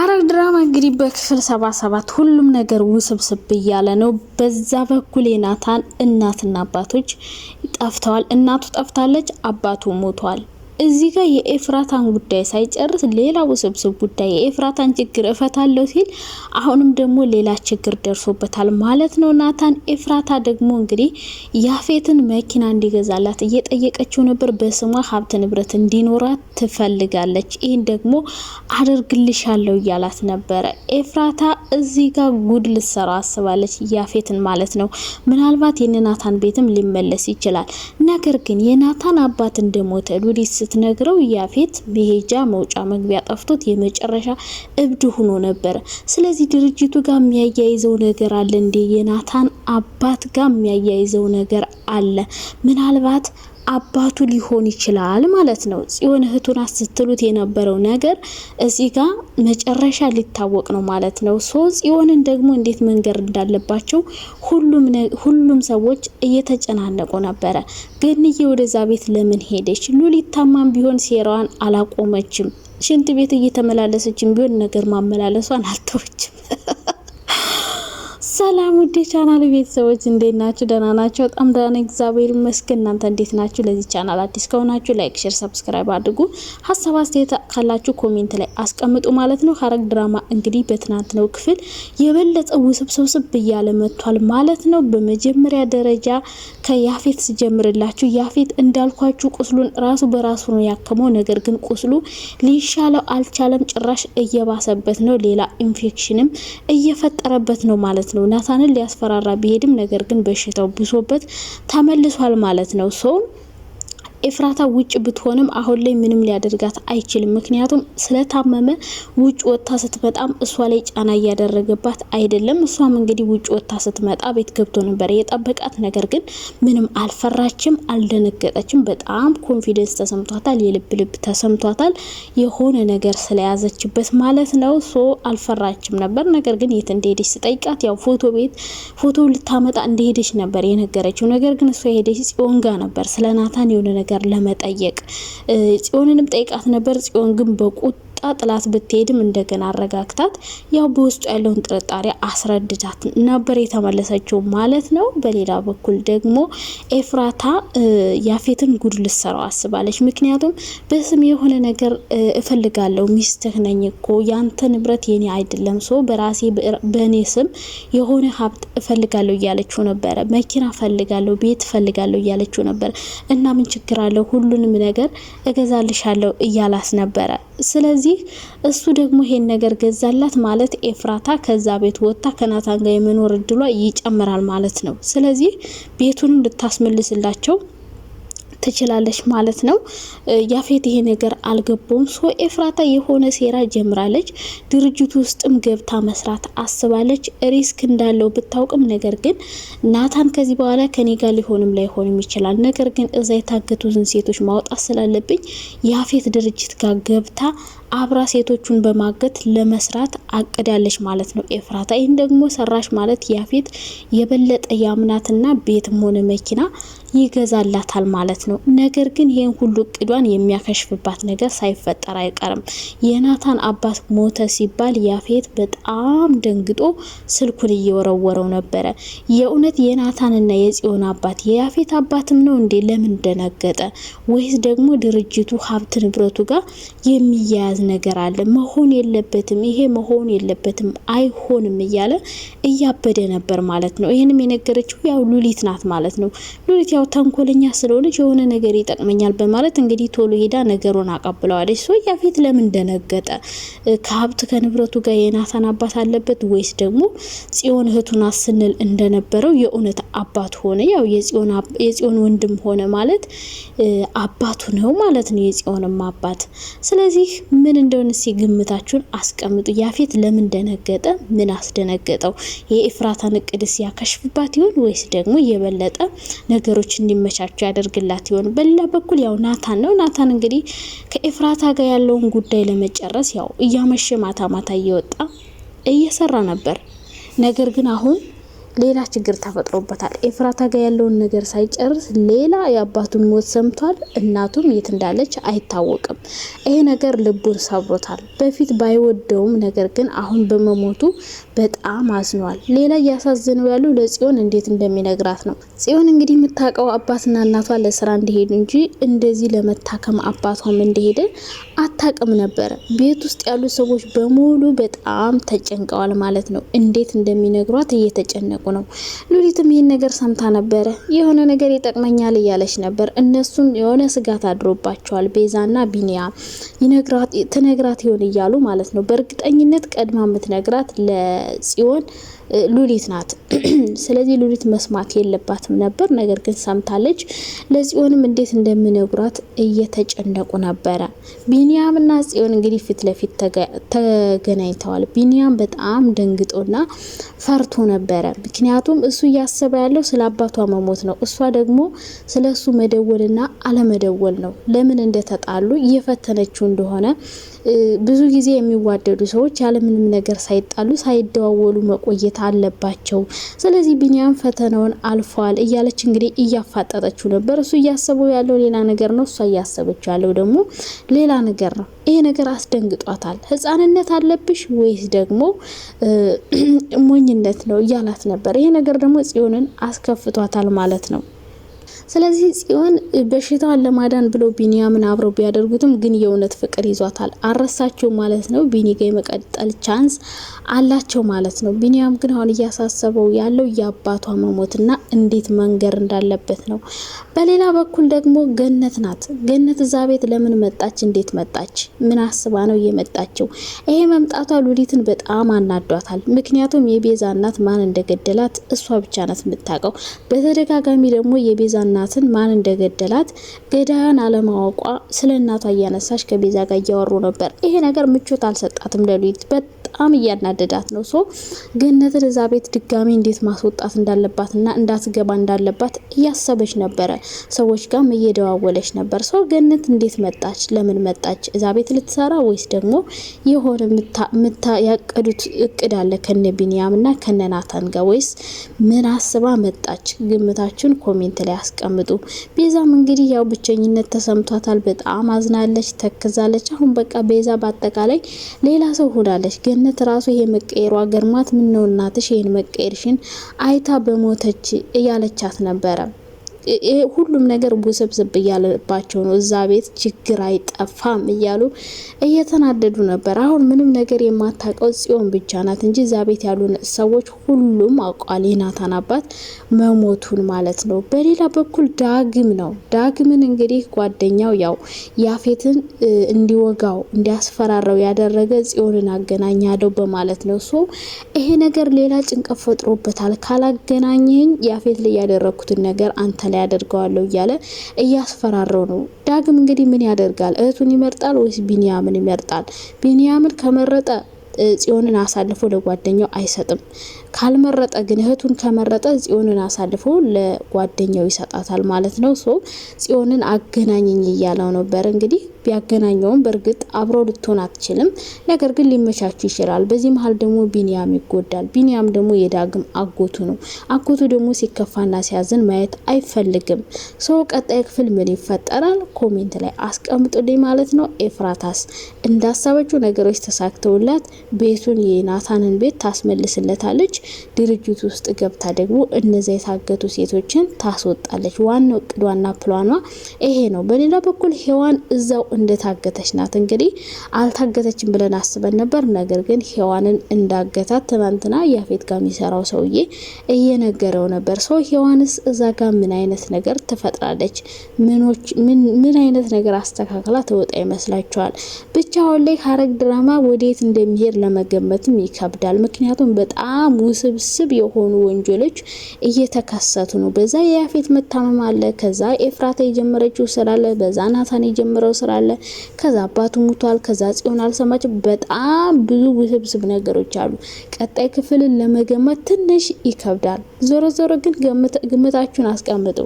ሐረግ ድራማ እንግዲህ በክፍል ሰባ ሰባት ሁሉም ነገር ውስብስብ እያለ ነው። በዛ በኩል የናታን እናትና አባቶች ጠፍተዋል። እናቱ ጠፍታለች፣ አባቱ ሞቷል። እዚህ ጋር የኤፍራታን ጉዳይ ሳይጨርስ ሌላ ውስብስብ ጉዳይ የኤፍራታን ችግር እፈታለሁ ሲል አሁንም ደግሞ ሌላ ችግር ደርሶበታል ማለት ነው ናታን። ኤፍራታ ደግሞ እንግዲህ ያፌትን መኪና እንዲገዛላት እየጠየቀችው ነበር። በስሟ ሀብት ንብረት እንዲኖራት ትፈልጋለች። ይህን ደግሞ አደርግልሻለሁ እያላት ነበረ ኤፍራታ እዚህ ጋር ጉድ ልሰራ አስባለች፣ ያፌትን ማለት ነው። ምናልባት የናታን ቤትም ሊመለስ ይችላል። ነገር ግን የናታን አባት እንደሞተ ሉሊት ስትነግረው ያፌት መሄጃ መውጫ መግቢያ ጠፍቶት የመጨረሻ እብድ ሆኖ ነበረ። ስለዚህ ድርጅቱ ጋር የሚያያይዘው ነገር አለ እንዴ? የናታን አባት ጋር የሚያያይዘው ነገር አለ ምናልባት አባቱ ሊሆን ይችላል ማለት ነው። ጽዮን እህቱን ስትሉት የነበረው ነገር እዚህ ጋር መጨረሻ ሊታወቅ ነው ማለት ነው። ሶ ጽዮንን ደግሞ እንዴት መንገር እንዳለባቸው ሁሉም ሰዎች እየተጨናነቁ ነበረ። ገንዬ ወደዛ ቤት ለምን ሄደች? ሉሊታማም ቢሆን ሴራዋን አላቆመችም። ሽንት ቤት እየተመላለሰችም ቢሆን ነገር ማመላለሷን አልተወች ሰላም ውዴ ቻናል ቤተሰቦች እንዴት ናችሁ? ደህና ናቸው። በጣም ደህና ነኝ፣ እግዚአብሔር ይመስገን። እናንተ እንዴት ናችሁ? ለዚህ ቻናል አዲስ ከሆናችሁ ላይክ፣ ሼር፣ ሰብስክራይብ አድርጉ። ሀሳብ አስተያየት ካላችሁ ኮሜንት ላይ አስቀምጡ ማለት ነው። ሀረግ ድራማ እንግዲህ በትናንትናው ክፍል የበለጠ ውስብስብስብ እያለ መጥቷል ማለት ነው። በመጀመሪያ ደረጃ ከያፌት ስጀምርላችሁ ያፌት እንዳልኳችሁ ቁስሉን ራሱ በራሱ ነው ያከመው። ነገር ግን ቁስሉ ሊሻለው አልቻለም። ጭራሽ እየባሰበት ነው። ሌላ ኢንፌክሽንም እየፈጠረበት ነው ማለት ነው። ናታንን ሊያስፈራራ ቢሄድም ነገር ግን በሽታው ብሶበት ተመልሷል ማለት ነው። ሰውም ኤፍራታ ውጭ ብትሆንም አሁን ላይ ምንም ሊያደርጋት አይችልም። ምክንያቱም ስለታመመ ውጭ ወጥታ ስትመጣም እሷ ላይ ጫና እያደረገባት አይደለም። እሷም እንግዲህ ውጭ ወጥታ ስትመጣ ቤት ገብቶ ነበር የጠበቃት። ነገር ግን ምንም አልፈራችም፣ አልደነገጠችም። በጣም ኮንፊደንስ ተሰምቷታል፣ የልብ ልብ ተሰምቷታል። የሆነ ነገር ስለያዘችበት ማለት ነው። ሶ አልፈራችም ነበር። ነገር ግን የት እንደሄደች ስጠይቃት ያው ፎቶ ቤት ፎቶ ልታመጣ እንደሄደች ነበር የነገረችው። ነገር ግን እሷ የሄደች ጽዮን ጋ ነበር ስለ ናታን የሆነ ነገር ነገር ለመጠየቅ ጽዮንንም ጠይቃት ነበር። ጽዮን ግን በቁጥ አቅጣጫ ጥላት ብትሄድም እንደገና አረጋግታት ያው በውስጡ ያለውን ጥርጣሬ አስረድታት ነበር የተመለሰችው ማለት ነው። በሌላ በኩል ደግሞ ኤፍራታ ያፌትን ጉድ ልሰራው አስባለች። ምክንያቱም በስም የሆነ ነገር እፈልጋለሁ፣ ሚስትህ ነኝ እኮ ያንተ ንብረት የኔ አይደለም፣ ሶ በራሴ በእኔ ስም የሆነ ሀብት እፈልጋለሁ እያለችው ነበረ። መኪና እፈልጋለሁ፣ ቤት እፈልጋለሁ እያለችው ነበር። እና ምን ችግር አለው ሁሉንም ነገር እገዛልሻለሁ እያላስ ነበረ። ስለዚህ ስለዚህ እሱ ደግሞ ይሄን ነገር ገዛላት ማለት ኤፍራታ ከዛ ቤት ወጥታ ከናታን ጋር የመኖር እድሏ ይጨምራል ማለት ነው። ስለዚህ ቤቱን ልታስመልስላቸው ትችላለች ማለት ነው። ያፌት ይሄ ነገር አልገባውም። ሶ ኤፍራታ የሆነ ሴራ ጀምራለች። ድርጅቱ ውስጥም ገብታ መስራት አስባለች። ሪስክ እንዳለው ብታውቅም፣ ነገር ግን ናታን ከዚህ በኋላ ከኔ ጋር ሊሆንም ላይሆንም ይችላል፣ ነገር ግን እዛ የታገቱትን ሴቶች ማውጣት ስላለብኝ ያፌት ድርጅት ጋር ገብታ አብራ ሴቶቹን በማገት ለመስራት አቅዳለች ማለት ነው ኤፍራታ። ይህን ደግሞ ሰራሽ ማለት ያፌት የበለጠ ያምናትና ቤትም ሆነ መኪና ይገዛላታል ማለት ነው። ነገር ግን ይህን ሁሉ እቅዷን የሚያከሽፍባት ነገር ሳይፈጠር አይቀርም። የናታን አባት ሞተ ሲባል ያፌት በጣም ደንግጦ ስልኩን እየወረወረው ነበረ። የእውነት የናታንና የጽዮን አባት የያፌት አባትም ነው እንዴ? ለምን ደነገጠ? ወይስ ደግሞ ድርጅቱ ሀብት ንብረቱ ጋር የሚያያዝ ነገር አለ። መሆን የለበትም ይሄ መሆን የለበትም አይሆንም እያለ እያበደ ነበር ማለት ነው። ይህንም የነገረችው ያው ሉሊት ናት ማለት ነው። ሉሊት ያው ተንኮለኛ ስለሆነች የሆነ ነገር ይጠቅመኛል በማለት እንግዲህ ቶሎ ሄዳ ነገሩን አቀብለዋለች። ሰው ያፌት ለምን እንደነገጠ ከሀብት ከንብረቱ ጋር የናታን አባት አለበት ወይስ ደግሞ ጽዮን እህቱና ስንል እንደነበረው የእውነት አባት ሆነ። ያው የጽዮን ወንድም ሆነ ማለት አባቱ ነው ማለት ነው፣ የጽዮንም አባት ስለዚህ ምን እንደሆነ እስኪ ግምታችሁን አስቀምጡ። ያፌት ለምን ደነገጠ? ምን አስደነገጠው? የኤፍራታን እቅድ ሲያከሽፍባት ይሆን ወይስ ደግሞ የበለጠ ነገሮች እንዲመቻቸው ያደርግላት ይሆን? በሌላ በኩል ያው ናታን ነው። ናታን እንግዲህ ከኤፍራታ ጋር ያለውን ጉዳይ ለመጨረስ ያው እያመሸ ማታ ማታ እየወጣ እየሰራ ነበር። ነገር ግን አሁን ሌላ ችግር ተፈጥሮበታል። ኤፍራታ ጋር ያለውን ነገር ሳይጨርስ ሌላ የአባቱን ሞት ሰምቷል። እናቱም የት እንዳለች አይታወቅም። ይሄ ነገር ልቡን ሰብሮታል። በፊት ባይወደውም ነገር ግን አሁን በመሞቱ በጣም አዝኗል። ሌላ እያሳዘነው ያለው ለጽዮን እንዴት እንደሚነግራት ነው። ጽዮን እንግዲህ የምታውቀው አባትና እናቷ ለስራ እንደሄዱ እንጂ እንደዚህ ለመታከም አባቷም እንደሄደ አታቅም ነበረ። ቤት ውስጥ ያሉ ሰዎች በሙሉ በጣም ተጨንቀዋል ማለት ነው። እንዴት እንደሚነግሯት እየተጨነቁ ነው። ሉሊትም ይህን ነገር ሰምታ ነበረ። የሆነ ነገር ይጠቅመኛል እያለች ነበር። እነሱም የሆነ ስጋት አድሮባቸዋል። ቤዛና ቢኒያ ትነግራት ይሆን እያሉ ማለት ነው። በእርግጠኝነት ቀድማ የምትነግራት ጽዮን ሉሊት ናት። ስለዚህ ሉሊት መስማት የለባትም ነበር። ነገር ግን ሰምታለች። ለጽዮንም እንዴት እንደሚነግሯት እየተጨነቁ ነበረ። ቢኒያምና ጽዮን እንግዲህ ፊት ለፊት ተገናኝተዋል። ቢኒያም በጣም ደንግጦና ፈርቶ ነበረ። ምክንያቱም እሱ እያሰበ ያለው ስለ አባቷ መሞት ነው። እሷ ደግሞ ስለ እሱ መደወልና አለመደወል ነው። ለምን እንደተጣሉ እየፈተነችው እንደሆነ ብዙ ጊዜ የሚዋደዱ ሰዎች ያለምንም ነገር ሳይጣሉ ሳይደዋወሉ መቆየት አለባቸው። ስለዚህ ቢኒያም ፈተናውን አልፏል እያለች እንግዲህ እያፋጠጠችው ነበር። እሱ እያሰበው ያለው ሌላ ነገር ነው፣ እሷ እያሰበች ያለው ደግሞ ሌላ ነገር ነው። ይሄ ነገር አስደንግጧታል። ህጻንነት አለብሽ ወይስ ደግሞ ሞኝነት ነው እያላት ነበር። ይሄ ነገር ደግሞ ጽዮንን አስከፍቷታል ማለት ነው። ስለዚህ ጽዮን በሽታዋን ለማዳን ብለው ቢኒያምን አብረው ቢያደርጉትም ግን የእውነት ፍቅር ይዟታል። አረሳቸው ማለት ነው። ቢኒ ጋ የመቀጠል ቻንስ አላቸው ማለት ነው። ቢኒያም ግን አሁን እያሳሰበው ያለው የአባቷ መሞትና እንዴት መንገር እንዳለበት ነው። በሌላ በኩል ደግሞ ገነት ናት። ገነት እዛ ቤት ለምን መጣች? እንዴት መጣች? ምን አስባ ነው የመጣችው? ይሄ መምጣቷ ሉሊትን በጣም አናዷታል። ምክንያቱም የቤዛ እናት ማን እንደገደላት እሷ ብቻ ናት የምታውቀው። በተደጋጋሚ ደግሞ የቤዛ እናት እናትን ማን እንደገደላት ገዳያን አለማወቋ ስለ እናቷ እያነሳች ከቤዛ ጋር እያወሩ ነበር። ይሄ ነገር ምቾት አልሰጣትም ለሉሊት። በጣም እያናደዳት ነው። ሶ ገነትን እዛ ቤት ድጋሚ እንዴት ማስወጣት እንዳለባትና እንዳትገባ እንዳለባት እያሰበች ነበረ። ሰዎች ጋም እየደዋወለች ነበር። ሶ ገነት እንዴት መጣች? ለምን መጣች? እዛ ቤት ልትሰራ ወይስ ደግሞ የሆነ ምታ ያቀዱት እቅድ አለ ከነ ቢንያም እና ከነ ናታን ጋር ወይስ ምን አስባ መጣች? ግምታችሁን ኮሜንት ላይ አስቀምጡ። ቤዛም እንግዲህ ያው ብቸኝነት ተሰምቷታል። በጣም አዝናለች፣ ተክዛለች። አሁን በቃ ቤዛ በአጠቃላይ ሌላ ሰው ሆናለች ገነት ሰውነት ራሱ ይሄ መቀየሯ ገርማት ምን ነው እናትሽ ይሄን መቀየርሽን አይታ በሞተች እያለቻት ነበረ። ሁሉም ነገር ውስብስብ እያለባቸው ነው። እዛ ቤት ችግር አይጠፋም እያሉ እየተናደዱ ነበር። አሁን ምንም ነገር የማታውቀው ጽዮን ብቻ ናት እንጂ እዛ ቤት ያሉ ሰዎች ሁሉም አውቋል፣ ናታን አባት መሞቱን ማለት ነው። በሌላ በኩል ዳግም ነው። ዳግምን እንግዲህ ጓደኛው ያው ያፌትን እንዲወጋው እንዲያስፈራራው ያደረገ ጽዮንን አገናኛለው በማለት ነው። ሶ ይሄ ነገር ሌላ ጭንቀት ፈጥሮበታል። ካላገናኘኝ ያፌት ላይ ያደረግኩትን ነገር አንተ ላይ አደርገዋለሁ እያለ እያስፈራረው ነው። ዳግም እንግዲህ ምን ያደርጋል? እህቱን ይመርጣል ወይስ ቢንያምን ይመርጣል? ቢንያምን ከመረጠ ጽዮንን አሳልፎ ለጓደኛው አይሰጥም። ካልመረጠ ግን እህቱን ከመረጠ ጽዮንን አሳልፎ ለጓደኛው ይሰጣታል ማለት ነው። ሶ ጽዮንን አገናኘኝ እያለው ነበር። እንግዲህ ቢያገናኘውም በእርግጥ አብረው ልትሆን አትችልም፣ ነገር ግን ሊመቻቹ ይችላል። በዚህ መሀል ደግሞ ቢንያም ይጎዳል። ቢንያም ደግሞ የዳግም አጎቱ ነው። አጎቱ ደግሞ ሲከፋና ሲያዝን ማየት አይፈልግም። ሰው ቀጣይ ክፍል ምን ይፈጠራል? ኮሜንት ላይ አስቀምጡልኝ ማለት ነው። ኤፍራታስ እንዳሰበችው ነገሮች ተሳክተውላት ቤቱን የናታንን ቤት ታስመልስለታለች። ድርጅት ውስጥ ገብታ ደግሞ እነዚያ የታገቱ ሴቶችን ታስወጣለች። ዋናው እቅዷና ፕላኗ ይሄ ነው። በሌላ በኩል ሔዋን እዛው እንደታገተች ናት። እንግዲህ አልታገተችም ብለን አስበን ነበር። ነገር ግን ሔዋንን እንዳገታት ትናንትና ያፌት ጋር የሚሰራው ሰውዬ እየነገረው ነበር። ሰው ሔዋንስ እዛ ጋር ምን አይነት ነገር ትፈጥራለች? ምን አይነት ነገር አስተካክላ ትወጣ ይመስላችኋል? ብቻ አሁን ላይ ሐረግ ድራማ ወዴት እንደሚሄድ ለመገመትም ይከብዳል። ምክንያቱም በጣም ውስብስብ የሆኑ ወንጀሎች እየተከሰቱ ነው። በዛ የያፌት መታመም አለ። ከዛ ኤፍራታ የጀመረችው ስራ አለ። በዛ ናታን የጀመረው ስራ አለ። ከዛ አባቱ ሙቷል። ከዛ ጽዮን አልሰማች። በጣም ብዙ ውስብስብ ነገሮች አሉ። ቀጣይ ክፍልን ለመገመት ትንሽ ይከብዳል። ዞሮ ዞሮ ግን ግምታችሁን አስቀምጡ።